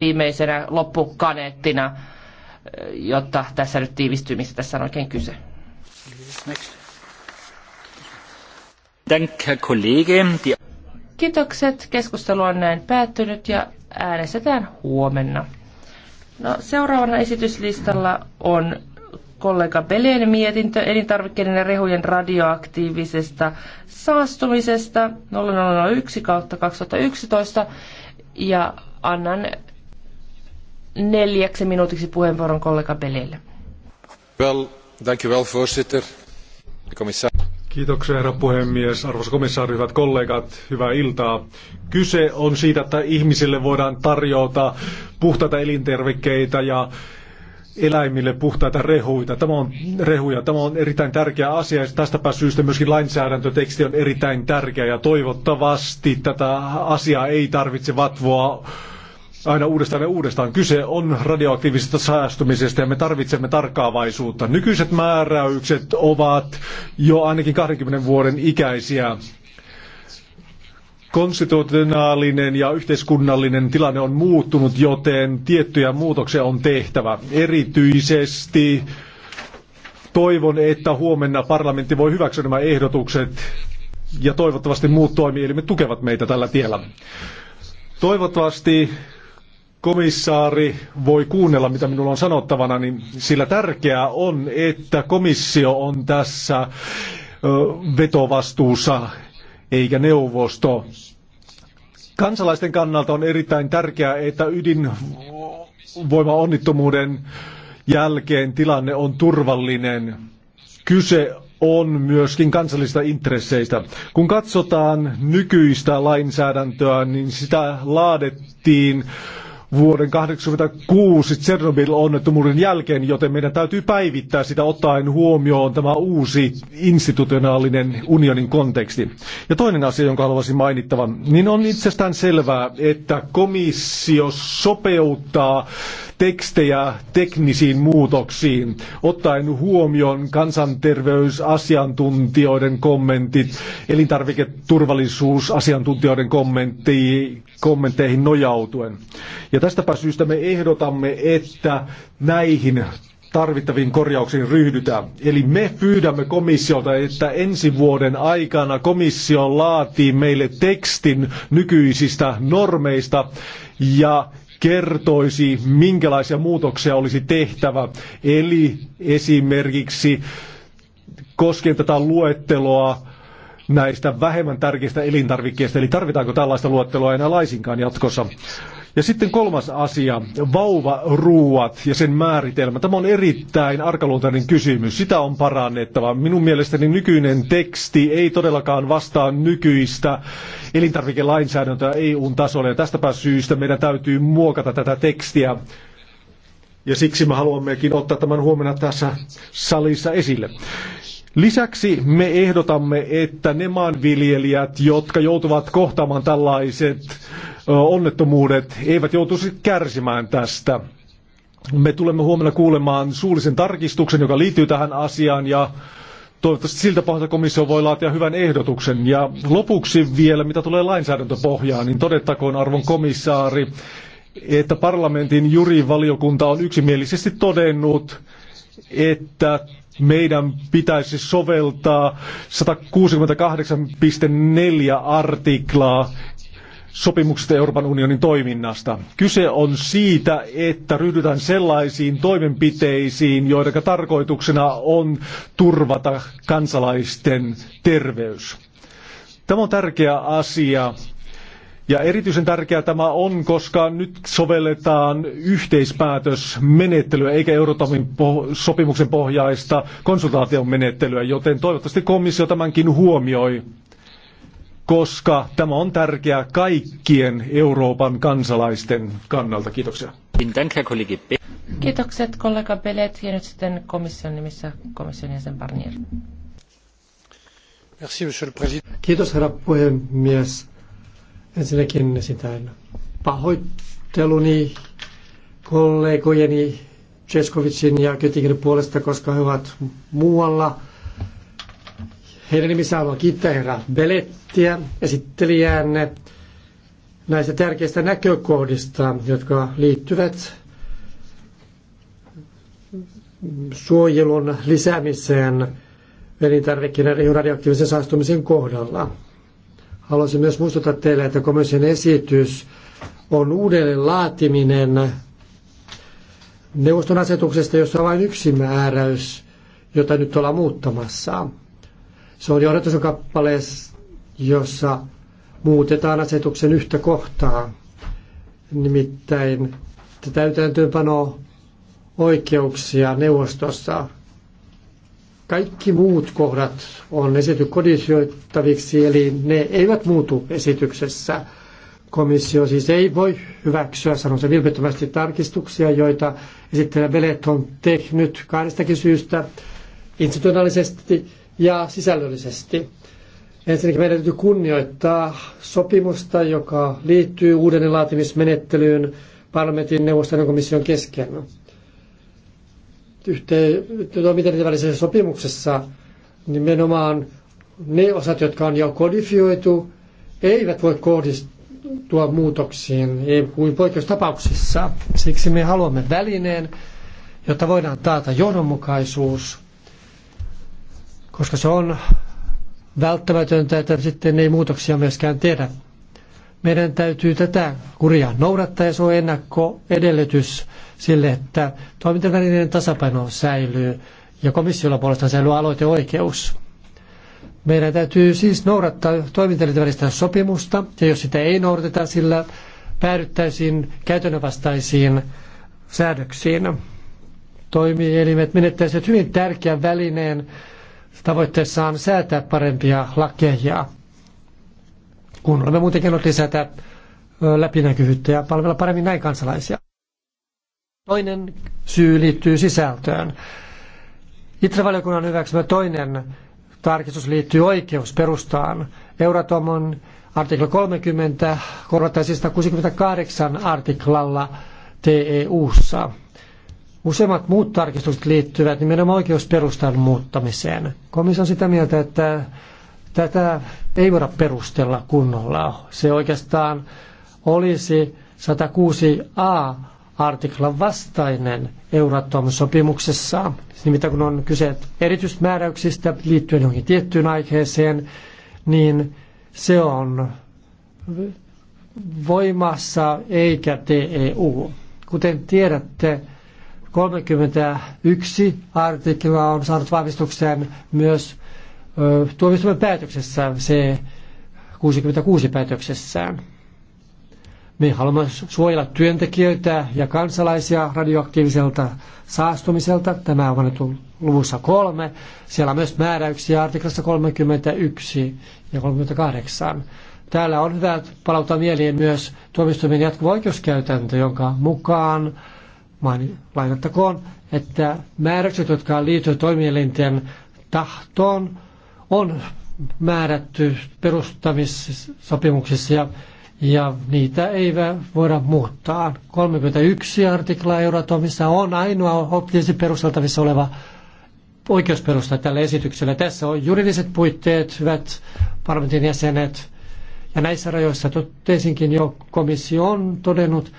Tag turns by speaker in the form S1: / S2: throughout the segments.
S1: viimeisenä loppukaneettina, jotta tässä nyt tiivistyy, mistä tässä on oikein kyse. Kiitokset. Keskustelu on näin päättynyt ja äänestetään huomenna. No, seuraavana esityslistalla on kollega Belen mietintö elintarvikkeiden ja rehujen radioaktiivisesta saastumisesta 001 kautta 2011 ja annan neljäksi minuutiksi puheenvuoron kollega Belille.
S2: Well, thank you well, voorzitter. Kiitoksia herra puhemies, arvoisa komissaari, hyvät kollegat, hyvää iltaa. Kyse on siitä, että ihmisille voidaan tarjota puhtaita elintervikkeitä ja eläimille puhtaita rehuita. Tämä on, rehuja. Tämä on erittäin tärkeä asia ja tästä syystä myöskin lainsäädäntöteksti on erittäin tärkeä ja toivottavasti tätä asiaa ei tarvitse vatvoa aina uudestaan ja uudestaan. Kyse on radioaktiivisesta säästymisestä ja me tarvitsemme tarkkaavaisuutta. Nykyiset määräykset ovat jo ainakin 20 vuoden ikäisiä. Konstitutionaalinen ja yhteiskunnallinen tilanne on muuttunut, joten tiettyjä muutoksia on tehtävä. Erityisesti toivon, että huomenna parlamentti voi hyväksyä nämä ehdotukset ja toivottavasti muut toimielimet tukevat meitä tällä tiellä. Toivottavasti komissaari voi kuunnella, mitä minulla on sanottavana, niin sillä tärkeää on, että komissio on tässä vetovastuussa eikä neuvosto. Kansalaisten kannalta on erittäin tärkeää, että ydinvoimaonnittomuuden jälkeen tilanne on turvallinen. Kyse on myöskin kansallisista intresseistä. Kun katsotaan nykyistä lainsäädäntöä, niin sitä laadettiin vuoden 1986 Tsernobyl-onnettomuuden jälkeen, joten meidän täytyy päivittää sitä ottaen huomioon tämä uusi institutionaalinen unionin konteksti. Ja toinen asia, jonka haluaisin mainittavan, niin on itsestään selvää, että komissio sopeuttaa tekstejä teknisiin muutoksiin, ottaen huomioon kansanterveysasiantuntijoiden kommentit, elintarviketurvallisuusasiantuntijoiden kommentteihin nojautuen. Ja tästäpä syystä me ehdotamme, että näihin tarvittaviin korjauksiin ryhdytään. Eli me pyydämme komissiolta, että ensi vuoden aikana komissio laatii meille tekstin nykyisistä normeista ja kertoisi, minkälaisia muutoksia olisi tehtävä. Eli esimerkiksi koskien tätä luetteloa näistä vähemmän tärkeistä elintarvikkeista, eli tarvitaanko tällaista luetteloa enää laisinkaan jatkossa. Ja sitten kolmas asia, vauvaruuat ja sen määritelmä. Tämä on erittäin arkaluontainen kysymys. Sitä on parannettava. Minun mielestäni nykyinen teksti ei todellakaan vastaa nykyistä elintarvikelainsäädäntöä eu tasolla. Ja tästäpä syystä meidän täytyy muokata tätä tekstiä. Ja siksi me haluammekin ottaa tämän huomenna tässä salissa esille. Lisäksi me ehdotamme, että ne maanviljelijät, jotka joutuvat kohtaamaan tällaiset onnettomuudet eivät joutuisi kärsimään tästä. Me tulemme huomenna kuulemaan suullisen tarkistuksen, joka liittyy tähän asiaan ja toivottavasti siltä pohjalta komissio voi laatia hyvän ehdotuksen. Ja lopuksi vielä, mitä tulee lainsäädäntöpohjaan, niin todettakoon arvon komissaari, että parlamentin jurivaliokunta on yksimielisesti todennut, että meidän pitäisi soveltaa 168.4 artiklaa sopimukset Euroopan unionin toiminnasta. Kyse on siitä, että ryhdytään sellaisiin toimenpiteisiin, joiden tarkoituksena on turvata kansalaisten terveys. Tämä on tärkeä asia. Ja erityisen tärkeää tämä on, koska nyt sovelletaan yhteispäätösmenettelyä eikä Eurotomin sopimuksen pohjaista konsultaation menettelyä, joten toivottavasti komissio tämänkin huomioi koska tämä on tärkeää kaikkien Euroopan kansalaisten kannalta. Kiitoksia.
S1: Kiitokset kollega Belet ja nyt sitten komission nimissä komission jäsen Barnier.
S3: Kiitos herra puhemies. Ensinnäkin esitän pahoitteluni kollegojeni Cheskovicin ja Kötingin puolesta, koska he ovat muualla heidän nimissä haluan kiittää herra Belettiä, esittelijäänne, näistä tärkeistä näkökohdista, jotka liittyvät suojelun lisäämiseen elintarvikkeiden ja radioaktiivisen saastumisen kohdalla. Haluaisin myös muistuttaa teille, että komission esitys on uudelleen laatiminen neuvoston asetuksesta, jossa on vain yksi määräys, jota nyt ollaan muuttamassa. Se on johdatus kappale, jossa muutetaan asetuksen yhtä kohtaa, nimittäin täytäntöönpano oikeuksia neuvostossa. Kaikki muut kohdat on esity kodisioittaviksi, eli ne eivät muutu esityksessä. Komissio siis ei voi hyväksyä, sanon se vilpittömästi, tarkistuksia, joita esittelijä Velet on tehnyt kahdestakin syystä institutionaalisesti ja sisällöllisesti. Ensinnäkin meidän täytyy kunnioittaa sopimusta, joka liittyy uuden laatimismenettelyyn parlamentin neuvoston ja komission kesken. Yhteen välisessä sopimuksessa nimenomaan ne osat, jotka on jo kodifioitu, eivät voi kohdistua muutoksiin ei kuin poikkeustapauksissa. Siksi me haluamme välineen, jotta voidaan taata johdonmukaisuus koska se on välttämätöntä, että sitten ei muutoksia myöskään tehdä. Meidän täytyy tätä kuria noudattaa ja se on ennakkoedellytys sille, että toimintavälinen tasapaino säilyy ja komissiolla puolestaan säilyy aloiteoikeus. Meidän täytyy siis noudattaa toimintavälistä välistä sopimusta ja jos sitä ei noudateta, sillä päädyttäisiin käytännönvastaisiin säädöksiin. Toimielimet menettäisivät hyvin tärkeän välineen tavoitteessaan säätää parempia lakeja, kun olemme muutenkin ollut lisätä läpinäkyvyyttä ja palvella paremmin näin kansalaisia. Toinen syy liittyy sisältöön. Itravaliokunnan hyväksymä toinen tarkistus liittyy oikeusperustaan. Euratomon artikla 30 korvataan 168 artiklalla TEUssa. Useimmat muut tarkistukset liittyvät nimenomaan oikeusperustan muuttamiseen. Komissio on sitä mieltä, että tätä ei voida perustella kunnolla. Se oikeastaan olisi 106a artiklan vastainen Euratom-sopimuksessa, nimittäin kun on kyse erityismääräyksistä liittyen johonkin tiettyyn aiheeseen, niin se on voimassa eikä TEU. Kuten tiedätte, 31 artikla on saanut vahvistuksen myös tuomioistuimen päätöksessä, se 66 päätöksessään. Me haluamme suojella työntekijöitä ja kansalaisia radioaktiiviselta saastumiselta. Tämä on annettu luvussa kolme. Siellä on myös määräyksiä artiklassa 31 ja 38. Täällä on hyvä palauttaa mieliin myös tuomistuimen jatkuva oikeuskäytäntö, jonka mukaan Mainittakoon, että määräykset, jotka liittyvät toimielinten tahtoon, on määrätty perustamissopimuksissa ja, ja niitä ei voida muuttaa. 31 artikla Euratomissa on ainoa optiivisesti perusteltavissa oleva oikeusperusta tälle esitykselle. Tässä on juridiset puitteet, hyvät parlamentin jäsenet, ja näissä rajoissa totesinkin jo komissio on todennut,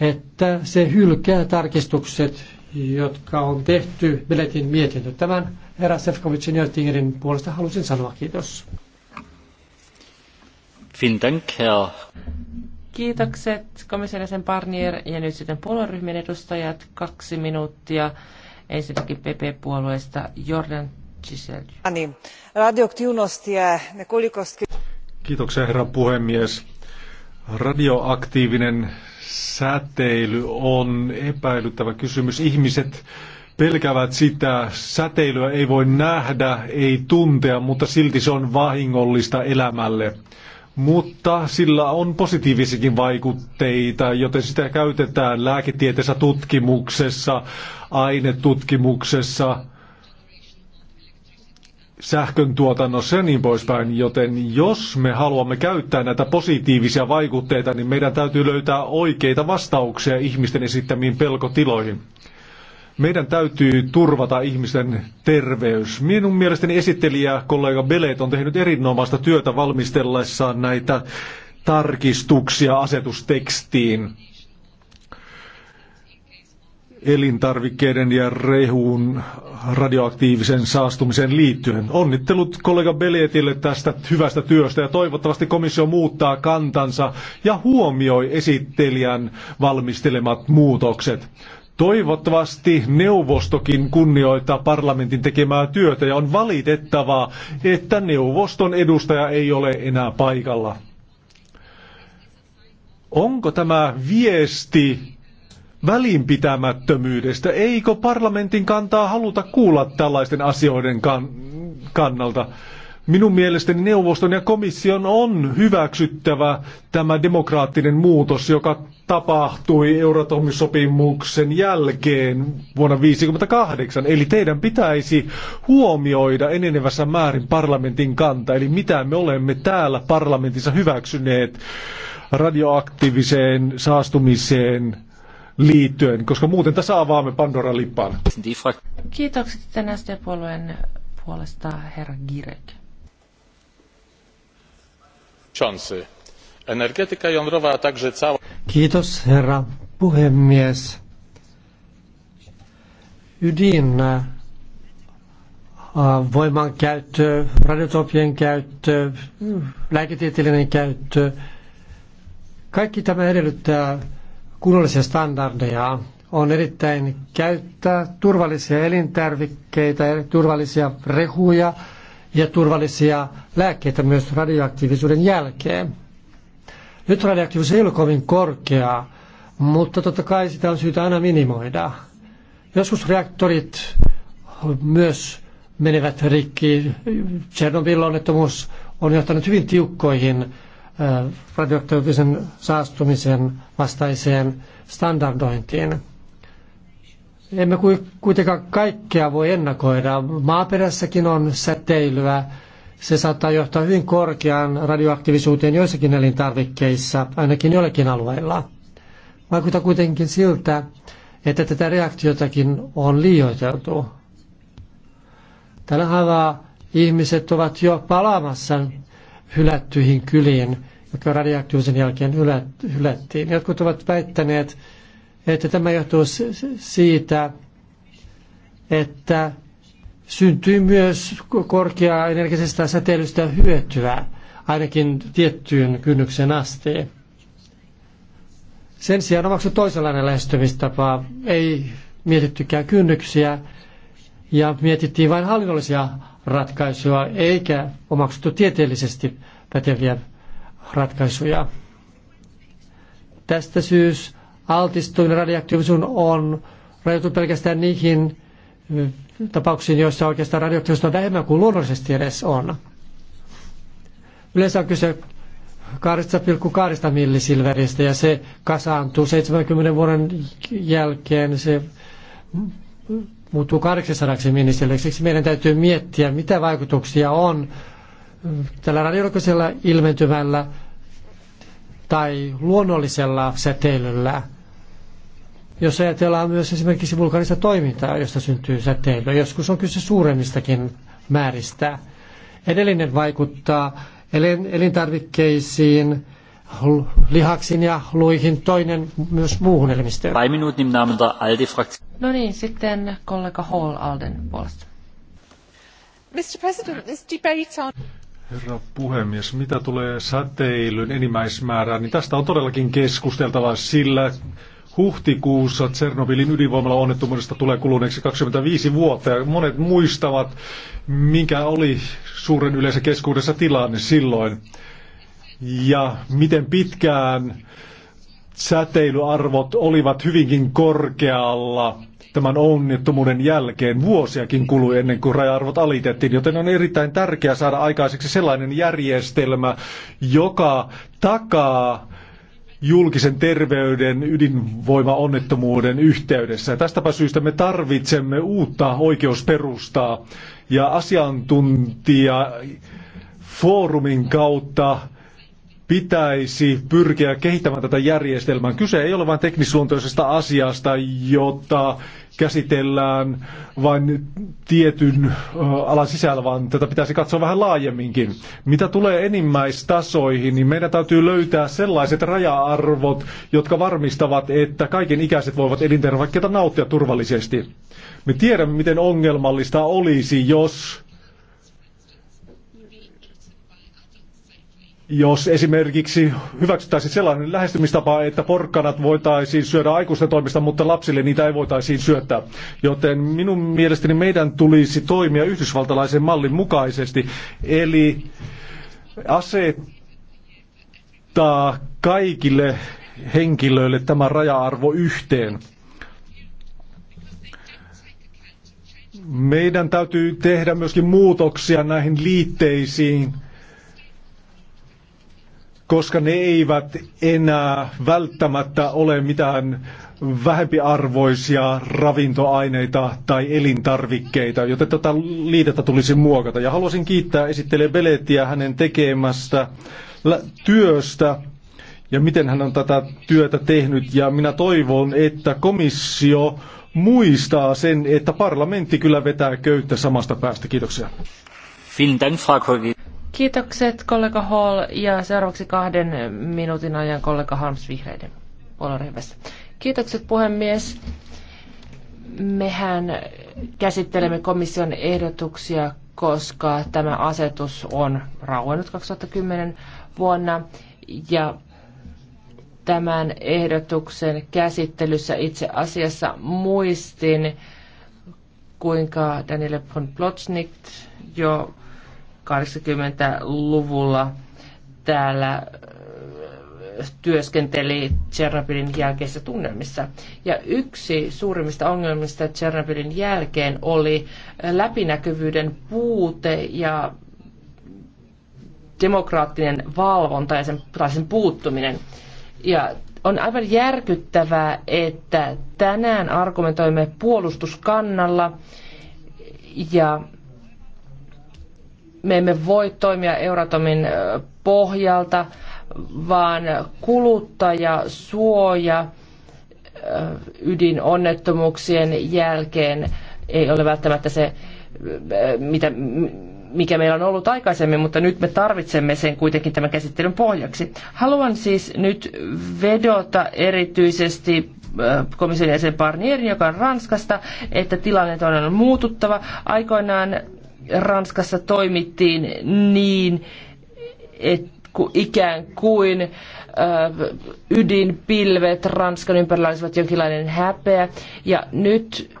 S3: että se hylkää tarkistukset, jotka on tehty Beletin mietintö. Tämän herra Sefkovicin ja Tingerin puolesta halusin sanoa kiitos.
S1: Kiitokset komission jäsen Barnier ja nyt sitten puolueryhmien edustajat. Kaksi minuuttia. Ensinnäkin PP-puolueesta Jordan
S2: Kiitoksia herra puhemies. Radioaktiivinen Säteily on epäilyttävä kysymys. Ihmiset pelkävät sitä. Säteilyä ei voi nähdä, ei tuntea, mutta silti se on vahingollista elämälle. Mutta sillä on positiivisikin vaikutteita, joten sitä käytetään lääketieteessä tutkimuksessa, ainetutkimuksessa – sähkön tuotannossa ja niin poispäin. Joten jos me haluamme käyttää näitä positiivisia vaikutteita, niin meidän täytyy löytää oikeita vastauksia ihmisten esittämiin pelkotiloihin. Meidän täytyy turvata ihmisten terveys. Minun mielestäni esittelijä kollega Belet on tehnyt erinomaista työtä valmistellessaan näitä tarkistuksia asetustekstiin elintarvikkeiden ja rehuun radioaktiivisen saastumiseen liittyen. Onnittelut kollega Belietille tästä hyvästä työstä ja toivottavasti komissio muuttaa kantansa ja huomioi esittelijän valmistelemat muutokset. Toivottavasti neuvostokin kunnioittaa parlamentin tekemää työtä ja on valitettavaa, että neuvoston edustaja ei ole enää paikalla. Onko tämä viesti välinpitämättömyydestä. Eikö parlamentin kantaa haluta kuulla tällaisten asioiden kan- kannalta? Minun mielestäni neuvoston ja komission on hyväksyttävä tämä demokraattinen muutos, joka tapahtui euratom jälkeen vuonna 1958. Eli teidän pitäisi huomioida enenevässä määrin parlamentin kanta, eli mitä me olemme täällä parlamentissa hyväksyneet radioaktiiviseen saastumiseen liittyen, koska muuten tässä avaamme Pandora lippaan.
S1: Kiitokset tänä puolueen puolesta herra Girek.
S2: Energetyka jądrowa, a także cała...
S3: Kiitos herra puhemies. Ydin voiman käyttö, radiotopien käyttö, lääketieteellinen käyttö. Kaikki tämä edellyttää kunnollisia standardeja, on erittäin käyttää turvallisia elintarvikkeita, turvallisia rehuja ja turvallisia lääkkeitä myös radioaktiivisuuden jälkeen. Nyt radioaktiivisuus ei ole kovin korkea, mutta totta kai sitä on syytä aina minimoida. Joskus reaktorit myös menevät rikki. Tsernobyl onnettomuus on johtanut hyvin tiukkoihin Äh, radioaktiivisen saastumisen vastaiseen standardointiin. Emme kuitenkaan kaikkea voi ennakoida. Maaperässäkin on säteilyä. Se saattaa johtaa hyvin korkeaan radioaktiivisuuteen joissakin elintarvikkeissa, ainakin joillakin alueilla. Vaikuttaa kuitenkin siltä, että tätä reaktiotakin on liioiteltu. Tällä haavaa ihmiset ovat jo palaamassa hylättyihin kyliin jotka radioaktiivisen jälkeen hylättiin. Jotkut ovat väittäneet, että tämä johtuu siitä, että syntyy myös korkeaa energisestä säteilystä hyötyä, ainakin tiettyyn kynnyksen asti. Sen sijaan omaksu toisenlainen lähestymistapa. Ei mietittykään kynnyksiä ja mietittiin vain hallinnollisia ratkaisuja, eikä omaksuttu tieteellisesti päteviä ratkaisuja. Tästä syys altistuminen radioaktiivisuun on rajoitu pelkästään niihin eh, tapauksiin, joissa oikeastaan radioaktiivisuus on vähemmän kuin luonnollisesti edes on. Yleensä on kyse 2,2 millisilveristä ja se kasaantuu 70 vuoden jälkeen, se muuttuu 800 millisilveriksi. Meidän täytyy miettiä, mitä vaikutuksia on tällä radiologisella ilmentymällä tai luonnollisella säteilyllä. Jos ajatellaan myös esimerkiksi vulkanista toimintaa, josta syntyy säteilyä, joskus on kyse suuremmistakin määristä. Edellinen vaikuttaa elintarvikkeisiin, lihaksiin ja luihin, toinen myös muuhun elimistöön.
S1: No niin, sitten kollega Hall Alden puolesta. Mr. President, this debate on...
S2: Herra puhemies, mitä tulee säteilyn enimmäismäärään, niin tästä on todellakin keskusteltava, sillä huhtikuussa Tsernobylin ydinvoimalla onnettomuudesta tulee kuluneeksi 25 vuotta ja monet muistavat, mikä oli suuren yleisen keskuudessa tilanne silloin ja miten pitkään säteilyarvot olivat hyvinkin korkealla tämän onnettomuuden jälkeen vuosiakin kului ennen kuin raja-arvot alitettiin, joten on erittäin tärkeää saada aikaiseksi sellainen järjestelmä, joka takaa julkisen terveyden ydinvoimaonnettomuuden yhteydessä. Tästäpä syystä me tarvitsemme uutta oikeusperustaa ja asiantuntija foorumin kautta pitäisi pyrkiä kehittämään tätä järjestelmää. Kyse ei ole vain teknisluontoisesta asiasta, jota käsitellään vain tietyn alan sisällä, vaan tätä pitäisi katsoa vähän laajemminkin. Mitä tulee enimmäistasoihin, niin meidän täytyy löytää sellaiset raja-arvot, jotka varmistavat, että kaiken ikäiset voivat elintarvikkeita nauttia turvallisesti. Me tiedämme, miten ongelmallista olisi, jos Jos esimerkiksi hyväksyttäisiin sellainen lähestymistapa, että porkkanat voitaisiin syödä aikuisten toimesta, mutta lapsille niitä ei voitaisiin syöttää. Joten minun mielestäni meidän tulisi toimia yhdysvaltalaisen mallin mukaisesti, eli asettaa kaikille henkilöille tämä raja-arvo yhteen. Meidän täytyy tehdä myöskin muutoksia näihin liitteisiin – koska ne eivät enää välttämättä ole mitään vähempiarvoisia ravintoaineita tai elintarvikkeita, joten tätä liitettä tulisi muokata. Ja haluaisin kiittää esittelijä Beletiä hänen tekemästä työstä ja miten hän on tätä työtä tehnyt. Ja minä toivon, että komissio muistaa sen, että parlamentti kyllä vetää köyttä samasta päästä. Kiitoksia.
S3: Vielen Dank, Frau
S1: Kiitokset kollega Hall ja seuraavaksi kahden minuutin ajan kollega Harms Vihreiden puolueryhmässä. Kiitokset puhemies. Mehän käsittelemme komission ehdotuksia, koska tämä asetus on rauennut 2010 vuonna ja tämän ehdotuksen käsittelyssä itse asiassa muistin, kuinka Daniele von Plotsnik jo 80-luvulla täällä työskenteli Tchernobylin jälkeisissä tunnelmissa. Ja yksi suurimmista ongelmista Tchernobylin jälkeen oli läpinäkyvyyden puute ja demokraattinen valvonta ja sen, tai sen puuttuminen. Ja on aivan järkyttävää, että tänään argumentoimme puolustuskannalla ja me emme voi toimia Euratomin pohjalta, vaan kuluttajasuoja ydinonnettomuuksien jälkeen ei ole välttämättä se, mitä, mikä meillä on ollut aikaisemmin, mutta nyt me tarvitsemme sen kuitenkin tämän käsittelyn pohjaksi. Haluan siis nyt vedota erityisesti komission jäsen Barnierin, joka on Ranskasta, että tilanne on muututtava. Aikoinaan Ranskassa toimittiin niin, että ikään kuin äh, ydinpilvet Ranskan ympärillä olisivat jonkinlainen häpeä. Ja nyt,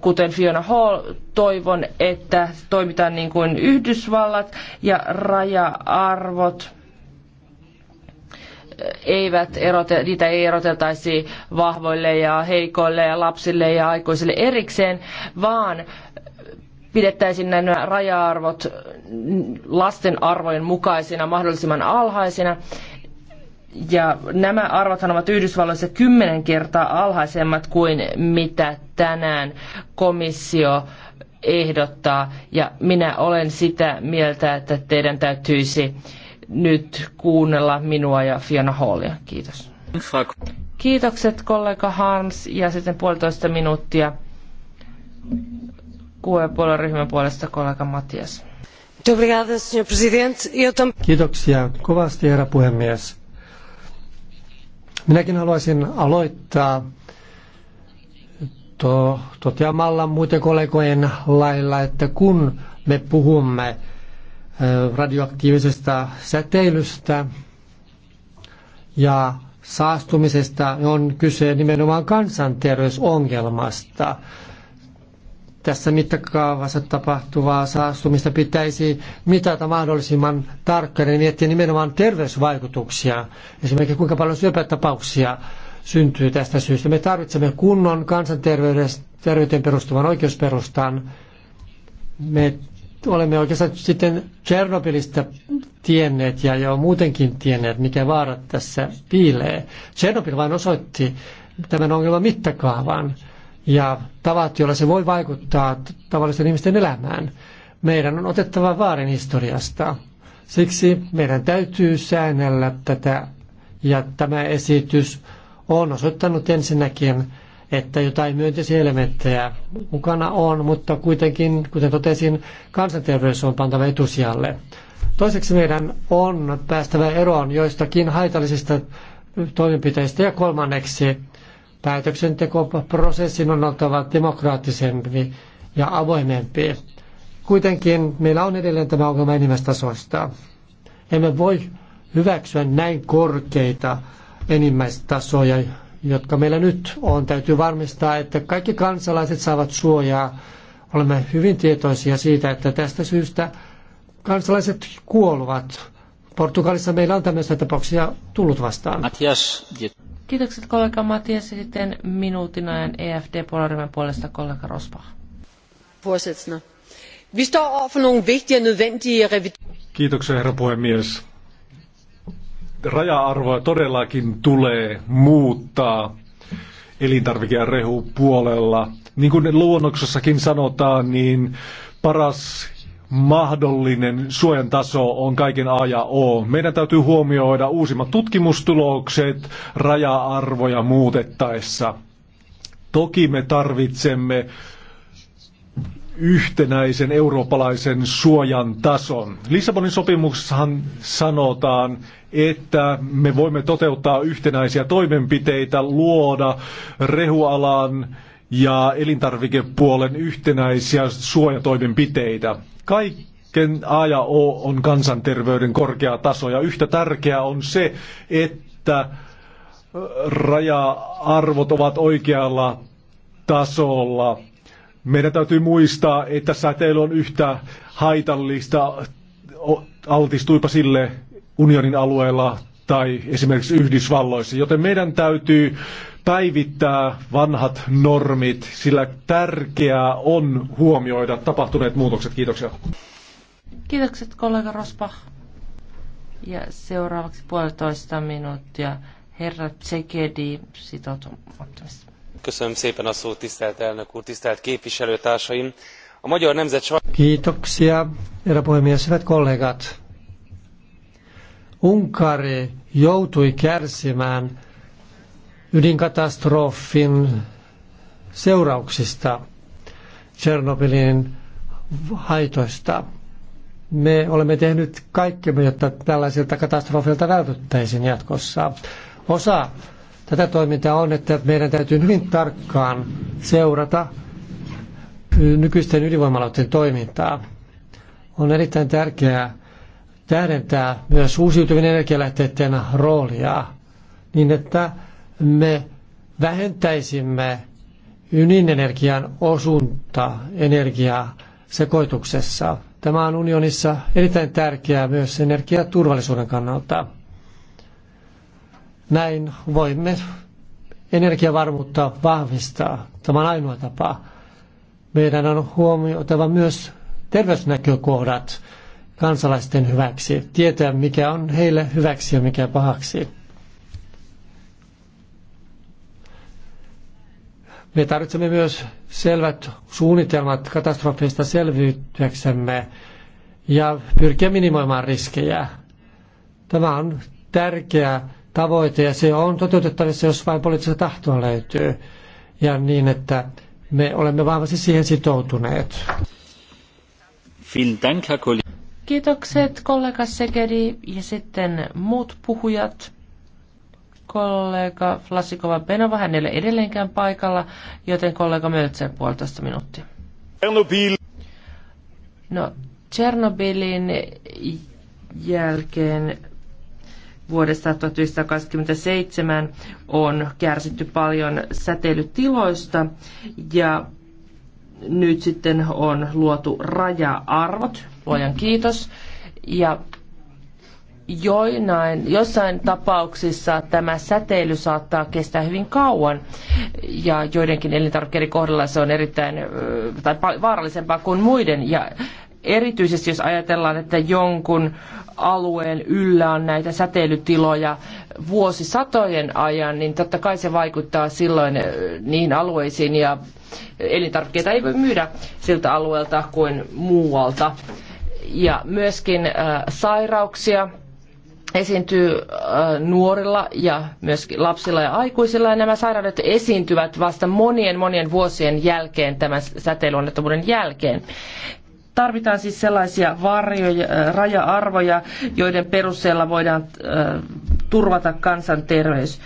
S1: kuten Fiona Hall, toivon, että toimitaan niin kuin Yhdysvallat ja raja-arvot äh, eivät erote, niitä ei eroteltaisi vahvoille ja heikoille ja lapsille ja aikuisille erikseen, vaan pidettäisiin nämä raja-arvot lasten arvojen mukaisina mahdollisimman alhaisina. Ja nämä arvothan ovat Yhdysvalloissa kymmenen kertaa alhaisemmat kuin mitä tänään komissio ehdottaa. Ja minä olen sitä mieltä, että teidän täytyisi nyt kuunnella minua ja Fiona Hallia. Kiitos. Kiitokset kollega Harms ja sitten puolitoista minuuttia QE-puolen puolesta kollega Matias.
S3: Kiitoksia kovasti, herra puhemies. Minäkin haluaisin aloittaa to, toteamalla muiden kollegojen lailla, että kun me puhumme radioaktiivisesta säteilystä ja saastumisesta, on kyse nimenomaan kansanterveysongelmasta tässä mittakaavassa tapahtuvaa saastumista pitäisi mitata mahdollisimman tarkkaan ja miettiä nimenomaan terveysvaikutuksia. Esimerkiksi kuinka paljon syöpätapauksia syntyy tästä syystä. Me tarvitsemme kunnon kansanterveyteen perustuvan oikeusperustan. Me olemme oikeastaan sitten Tchernobylistä tienneet ja jo muutenkin tienneet, mikä vaara tässä piilee. Tchernobyl vain osoitti tämän ongelman mittakaavan ja tavat, joilla se voi vaikuttaa tavallisten ihmisten elämään. Meidän on otettava vaarin historiasta. Siksi meidän täytyy säännellä tätä ja tämä esitys on osoittanut ensinnäkin, että jotain myönteisiä elementtejä mukana on, mutta kuitenkin, kuten totesin, kansanterveys on pantava etusijalle. Toiseksi meidän on päästävä eroon joistakin haitallisista toimenpiteistä ja kolmanneksi Päätöksentekoprosessin on oltava demokraattisempi ja avoimempi. Kuitenkin meillä on edelleen tämä ongelma enimmäistasoista. Emme voi hyväksyä näin korkeita enimmäistasoja, jotka meillä nyt on. Täytyy varmistaa, että kaikki kansalaiset saavat suojaa. Olemme hyvin tietoisia siitä, että tästä syystä kansalaiset kuoluvat. Portugalissa meillä on tämmöisiä tapauksia tullut vastaan. Matias.
S1: Kiitokset kollega Matias ja sitten minuutin ajan efd Polarimen puolesta kollega Rospa.
S2: Kiitoksia herra puhemies. Raja-arvoa todellakin tulee muuttaa elintarvike- ja rehupuolella. Niin kuin luonnoksessakin sanotaan, niin paras mahdollinen suojan taso on kaiken A ja O. Meidän täytyy huomioida uusimmat tutkimustulokset raja-arvoja muutettaessa. Toki me tarvitsemme yhtenäisen eurooppalaisen suojan tason. Lissabonin sopimuksessahan sanotaan, että me voimme toteuttaa yhtenäisiä toimenpiteitä, luoda rehualan ja elintarvikepuolen yhtenäisiä suojatoimenpiteitä. Kaiken A ja O on kansanterveyden korkea taso ja yhtä tärkeää on se, että raja-arvot ovat oikealla tasolla. Meidän täytyy muistaa, että säteily on yhtä haitallista, altistuipa sille unionin alueella tai esimerkiksi Yhdysvalloissa, joten meidän täytyy päivittää vanhat normit, sillä tärkeää on huomioida tapahtuneet muutokset. Kiitoksia.
S1: Kiitokset kollega Rospa. Ja seuraavaksi puolitoista minuuttia. Herra Tsekedi sitoutumattomista.
S3: Köszönöm szépen a szót, tisztelt elnök úr, tisztelt képviselőtársaim. A magyar nemzet... Kiitoksia, herra puhemies, hyvät kollegat. Unkari joutui kärsimään ydinkatastrofin seurauksista, Tchernobylin haitoista. Me olemme tehneet kaikkemme, jotta tällaisilta katastrofilta vältyttäisiin jatkossa. Osa tätä toimintaa on, että meidän täytyy hyvin tarkkaan seurata nykyisten ydinvoimaloiden toimintaa. On erittäin tärkeää tähdentää myös uusiutuvien energialähteiden roolia niin, että me vähentäisimme ydinenergian osuutta energiaa sekoituksessa. Tämä on unionissa erittäin tärkeää myös energiaturvallisuuden kannalta. Näin voimme energiavarmuutta vahvistaa. Tämä on ainoa tapa. Meidän on huomioitava myös terveysnäkökohdat kansalaisten hyväksi, tietää mikä on heille hyväksi ja mikä pahaksi. Me tarvitsemme myös selvät suunnitelmat katastrofeista selviytyäksemme ja pyrkiä minimoimaan riskejä. Tämä on tärkeä tavoite ja se on toteutettavissa, jos vain poliittista tahtoa löytyy. Ja niin, että me olemme vahvasti siihen sitoutuneet.
S1: Kiitokset kollega Segeri ja sitten muut puhujat kollega Flasikova Benova, ole edelleenkään paikalla, joten kollega Möltsen puolitoista minuuttia. Chernobyl. No, Chernobylin jälkeen vuodesta 1927 on kärsitty paljon säteilytiloista ja nyt sitten on luotu raja-arvot, luojan kiitos. Ja joinain, jossain tapauksissa tämä säteily saattaa kestää hyvin kauan ja joidenkin elintarvikkeiden kohdalla se on erittäin tai vaarallisempaa kuin muiden ja erityisesti jos ajatellaan, että jonkun alueen yllä on näitä säteilytiloja vuosisatojen ajan, niin totta kai se vaikuttaa silloin niihin alueisiin ja elintarvikkeita ei voi myydä siltä alueelta kuin muualta. Ja myöskin äh, sairauksia esiintyy nuorilla ja myöskin lapsilla ja aikuisilla. Ja nämä sairaudet esiintyvät vasta monien monien vuosien jälkeen, tämän säteilyonnettomuuden jälkeen. Tarvitaan siis sellaisia varjoja, raja-arvoja, joiden perusteella voidaan turvata kansanterveys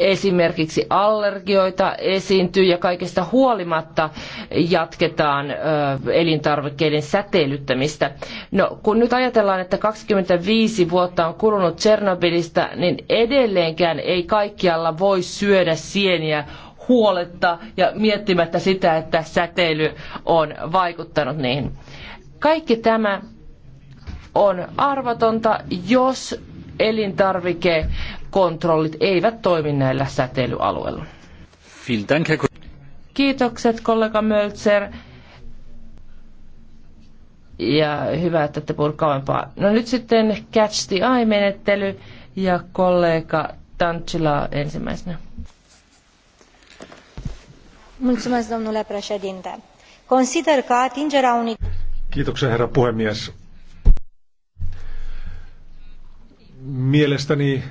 S1: esimerkiksi allergioita esiintyy ja kaikesta huolimatta jatketaan elintarvikkeiden säteilyttämistä. No, kun nyt ajatellaan, että 25 vuotta on kulunut Tsernobylistä, niin edelleenkään ei kaikkialla voi syödä sieniä huoletta ja miettimättä sitä, että säteily on vaikuttanut niihin. Kaikki tämä on arvotonta, jos elintarvikekontrollit eivät toimi näillä säteilyalueilla. Kiitokset kollega Möltser. Ja hyvä, että te kauempaa. No nyt sitten catch the eye-menettely ja kollega Tantsila
S2: ensimmäisenä.
S3: Mulțumesc, domnule președinte. Consider că atingerea unui...
S2: Kiitoksia, herra puhemies mielestäni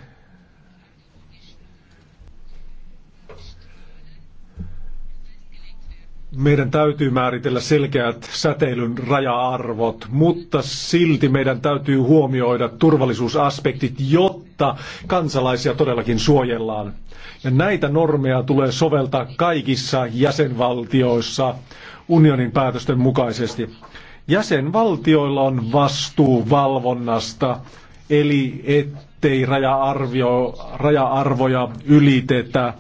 S2: meidän täytyy määritellä selkeät säteilyn raja-arvot, mutta silti meidän täytyy huomioida turvallisuusaspektit, jotta kansalaisia todellakin suojellaan. Ja näitä normeja tulee soveltaa kaikissa jäsenvaltioissa unionin päätösten mukaisesti. Jäsenvaltioilla on vastuu valvonnasta eli ettei raja-arvio, raja-arvoja ylitetä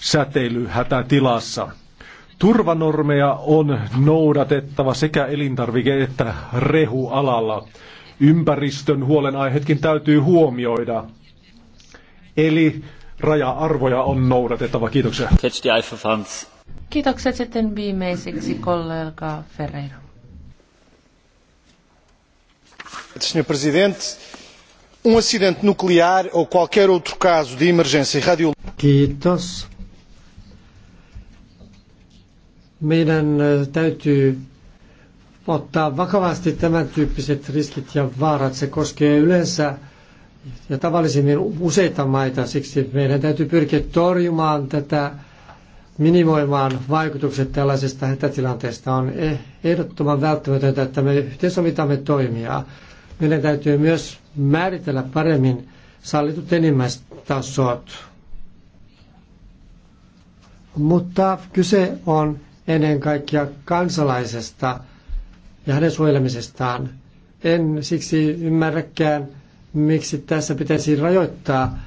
S2: säteilyhätätilassa. Turvanormeja on noudatettava sekä elintarvike- että rehualalla. Ympäristön huolenaiheetkin täytyy huomioida. Eli raja-arvoja on noudatettava. Kiitoksia.
S1: Kiitokset sitten viimeiseksi kollega Ferreira.
S2: Senhor Presidente, um acidente nuclear ou qualquer outro caso de emergência radiológica.
S3: Meidän täytyy ottaa vakavasti tämän tyyppiset riskit ja vaarat. Se koskee yleensä ja tavallisimmin useita maita, siksi meidän täytyy pyrkiä torjumaan tätä minimoimaan vaikutukset tällaisesta hätätilanteesta. On e- ehdottoman välttämätöntä, että me yhteensovitamme toimia. Meidän täytyy myös määritellä paremmin sallitut enimmäistasot. Mutta kyse on ennen kaikkea kansalaisesta ja hänen suojelemisestaan. En siksi ymmärräkään, miksi tässä pitäisi rajoittaa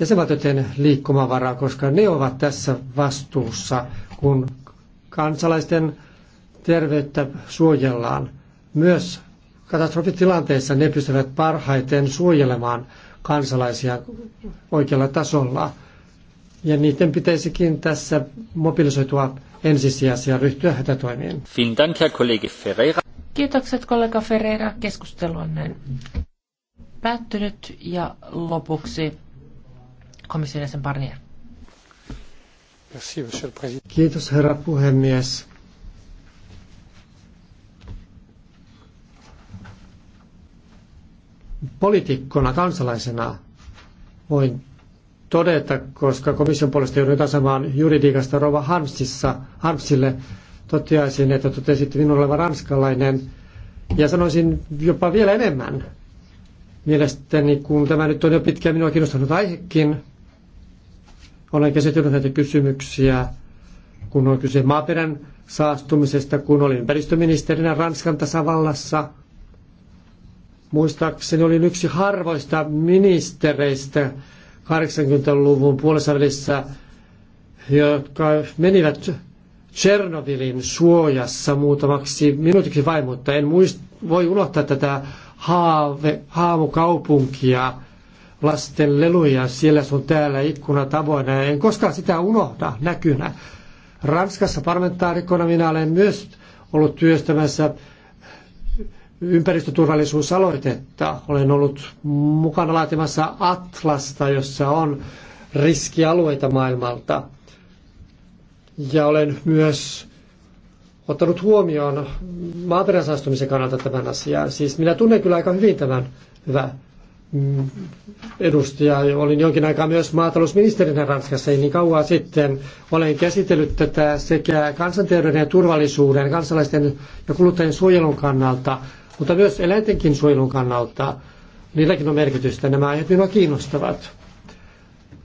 S3: jäsenvaltioiden liikkumavaraa, koska ne ovat tässä vastuussa, kun kansalaisten terveyttä suojellaan. Myös katastrofitilanteessa ne pystyvät parhaiten suojelemaan kansalaisia oikealla tasolla. Ja niiden pitäisikin tässä mobilisoitua ensisijaisia ryhtyä hätätoimiin.
S1: Kiitokset kollega Ferreira. Keskustelu on näin päättynyt ja lopuksi komission jäsen Barnier.
S3: Kiitos herra puhemies. poliitikkona, kansalaisena voin todeta, koska komission puolesta joudun tasamaan juridiikasta Rova Hansissa, Hansille, toteaisin, että totesitte minun olevan ranskalainen, ja sanoisin jopa vielä enemmän. Mielestäni, kun tämä nyt on jo pitkään minua kiinnostanut aihekin, olen käsitellyt näitä kysymyksiä, kun on kyse maaperän saastumisesta, kun olin ympäristöministerinä Ranskan tasavallassa – Muistaakseni olin yksi harvoista ministereistä 80-luvun puolessa välissä, jotka menivät Tsernovilin suojassa muutamaksi minuutiksi vain, mutta en muist, voi unohtaa tätä haave, haamukaupunkia, lasten leluja siellä sun täällä ikkuna tavoina. En koskaan sitä unohda näkynä. Ranskassa parlamentaarikkona minä olen myös ollut työstämässä ympäristöturvallisuusaloitetta. Olen ollut mukana laatimassa Atlasta, jossa on riskialueita maailmalta. Ja olen myös ottanut huomioon maaperän saastumisen kannalta tämän asian. Siis minä tunnen kyllä aika hyvin tämän hyvä mm, edustaja. Olin jonkin aikaa myös maatalousministerinä Ranskassa, ei niin kauan sitten. Olen käsitellyt tätä sekä kansanterveyden ja turvallisuuden, kansalaisten ja kuluttajien suojelun kannalta – mutta myös eläintenkin suojelun kannalta niilläkin on merkitystä. Nämä aiheet minua kiinnostavat.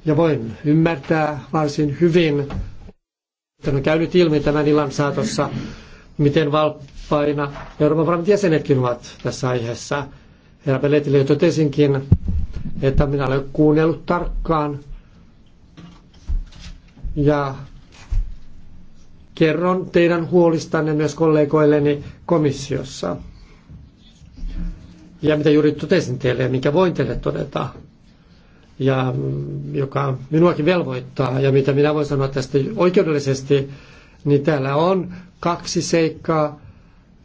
S3: Ja voin ymmärtää varsin hyvin, että on käynyt ilmi tämän illan saatossa, miten valppaina Euroopan parlamentin jäsenetkin ovat tässä aiheessa. Herra Peletille totesinkin, että minä olen kuunnellut tarkkaan ja kerron teidän huolistanne myös kollegoilleni komissiossa ja mitä juuri totesin teille ja minkä voin teille todeta, ja mm, joka minuakin velvoittaa ja mitä minä voin sanoa tästä oikeudellisesti, niin täällä on kaksi seikkaa,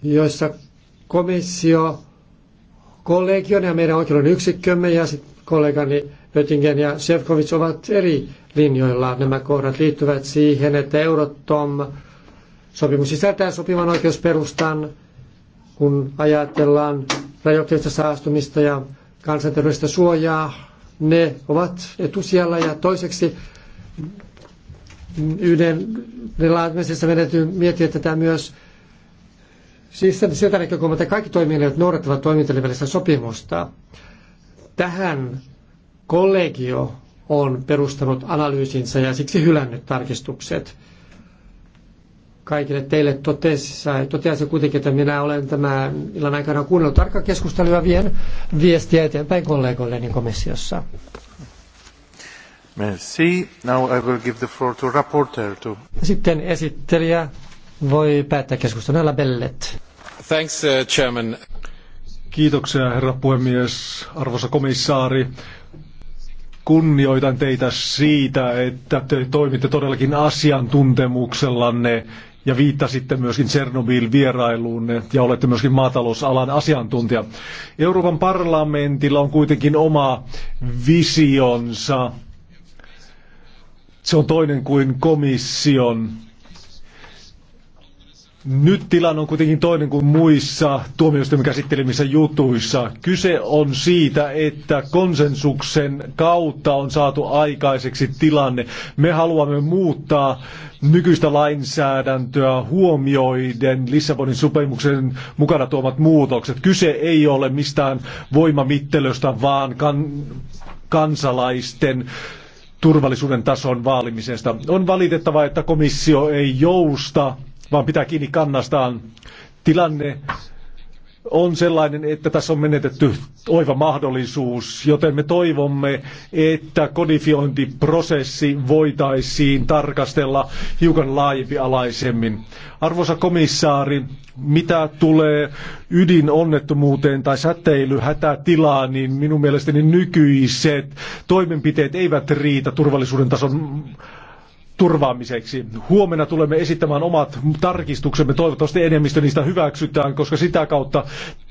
S3: joissa komissio, kollegion ja meidän oikeuden yksikkömme ja sitten kollegani Oettingen ja Sefkovic ovat eri linjoilla. Nämä kohdat liittyvät siihen, että Eurotom sopimus sisältää sopivan oikeusperustan kun ajatellaan rajoitteista saastumista ja kansanterveydestä suojaa, ne ovat etusijalla ja toiseksi yhden laatimisessa meidän täytyy miettiä tätä myös siis sieltä näkökulmasta, että kaikki toimijat noudattavat toimintojen välistä sopimusta. Tähän kollegio on perustanut analyysinsä ja siksi hylännyt tarkistukset kaikille teille totesi, totesi kuitenkin, että minä olen tämä illan aikana kuunnellut tarkka keskustelua vien viestiä eteenpäin kollegoilleni niin komissiossa. Merci. Now I will give the floor to rapporteur to... Sitten esittelijä voi päättää
S2: keskustelun. Bellet. Thanks, uh, chairman. Kiitoksia, herra puhemies, arvoisa komissaari kunnioitan teitä siitä, että te toimitte todellakin asiantuntemuksellanne ja viittasitte myöskin Tsernobyl vierailuun ja olette myöskin maatalousalan asiantuntija. Euroopan parlamentilla on kuitenkin oma visionsa. Se on toinen kuin komission. Nyt tilanne on kuitenkin toinen kuin muissa tuomioistuimen käsittelemissä jutuissa. Kyse on siitä, että konsensuksen kautta on saatu aikaiseksi tilanne. Me haluamme muuttaa nykyistä lainsäädäntöä huomioiden Lissabonin sopimuksen mukana tuomat muutokset. Kyse ei ole mistään voimamittelöstä, vaan kan- kansalaisten turvallisuuden tason vaalimisesta. On valitettavaa, että komissio ei jousta, vaan pitää kiinni kannastaan. Tilanne on sellainen, että tässä on menetetty oiva mahdollisuus, joten me toivomme, että kodifiointiprosessi voitaisiin tarkastella hiukan laajempialaisemmin. Arvoisa komissaari, mitä tulee ydinonnettomuuteen tai säteilyhätätilaan, niin minun mielestäni nykyiset toimenpiteet eivät riitä turvallisuuden tason turvaamiseksi. Huomenna tulemme esittämään omat tarkistuksemme, toivottavasti enemmistö niistä hyväksytään, koska sitä kautta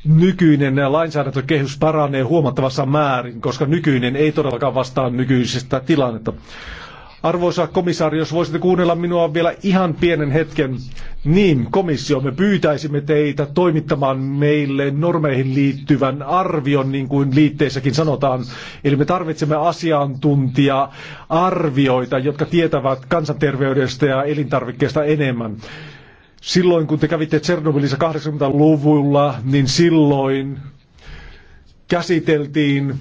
S2: nykyinen lainsäädäntökehys paranee huomattavassa määrin, koska nykyinen ei todellakaan vastaa nykyisestä tilannetta. Arvoisa komissaari, jos voisitte kuunnella minua vielä ihan pienen hetken. Niin, komissio, me pyytäisimme teitä toimittamaan meille normeihin liittyvän arvion, niin kuin liitteissäkin sanotaan. Eli me tarvitsemme asiantuntija-arvioita, jotka tietävät kansanterveydestä ja elintarvikkeista enemmän. Silloin, kun te kävitte Tsernobylissä 80-luvulla, niin silloin käsiteltiin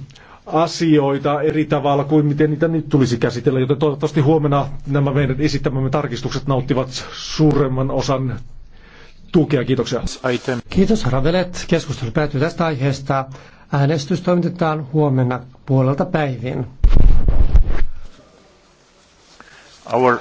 S2: asioita eri tavalla kuin miten niitä nyt tulisi käsitellä, joten toivottavasti huomenna nämä meidän esittämämme tarkistukset nauttivat suuremman osan tukea. Kiitoksia. Item. Kiitos Ravelet. Keskustelu päättyy tästä aiheesta. Äänestys
S3: toimitetaan huomenna puolelta päivin. Our